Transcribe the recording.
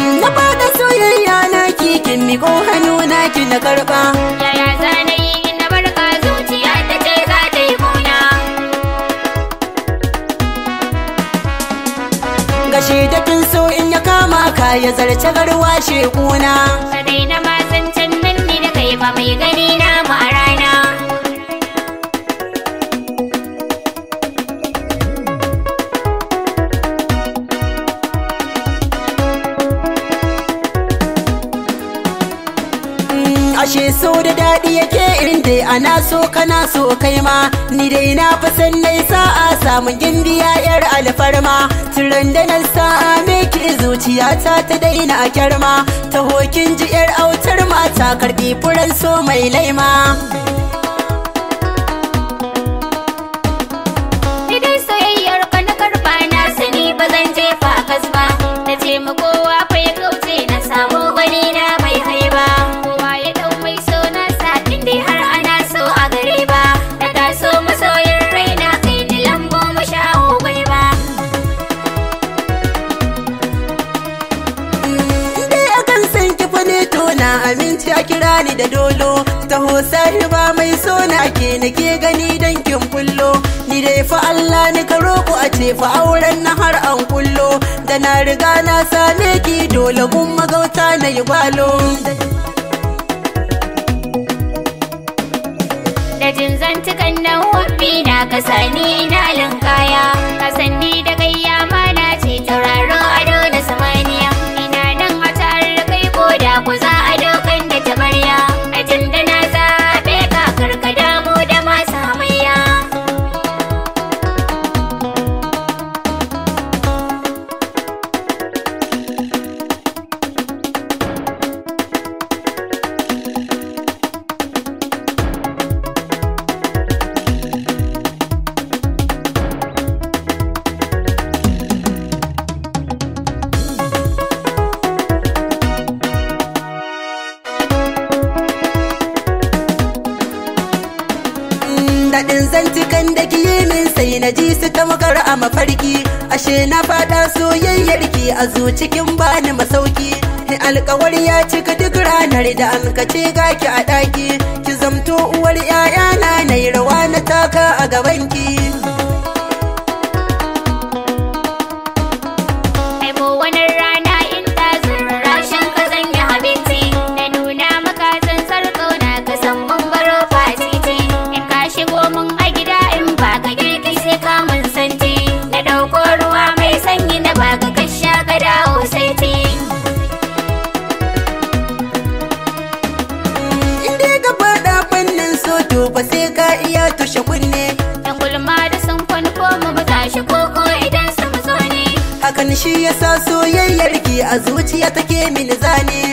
Na faɗa soyayya na ki kin ko hannu na ki na karba. Yaya za na yi na barka zuciya ta ce za ta yi kuna. Gashi da kin so in ya kama ka ya zarce garwa shekuna. ashe so da daɗi yake in dai ana so kana so kai ma ni dai na fi san nai sa'a samun gindiya yar alfarma tiran da nan sa'a me ke zuciyata ta daina a kyarma ta hokin ji yar autar mata karbi furan so mai laima na aminci a kira ni da dolo taho sai ba mai so na ke nake gani dankin kullo ni dai fa Allah ni karo ku a ce fa auren na har an kullo da na riga na same ki dole gun magauta na yi balo da jin zantukan na wabi na kasani na linkaya kasani da daɗin kan da min sai na ji su ta tamkar a mafarki ashe na faɗa soyayyarki ki a ba bani masauki alkawar ya cika duk ranar da an kace ki a ɗaki ki zamto uwar 'ya'yana na yi rawa na taka a gabanki ka iya tushe kunne yan gulma da sun ko mu ba tashi koko idan sun zo ne hakan shi yasa soyayyar ki a zuciya take mini zane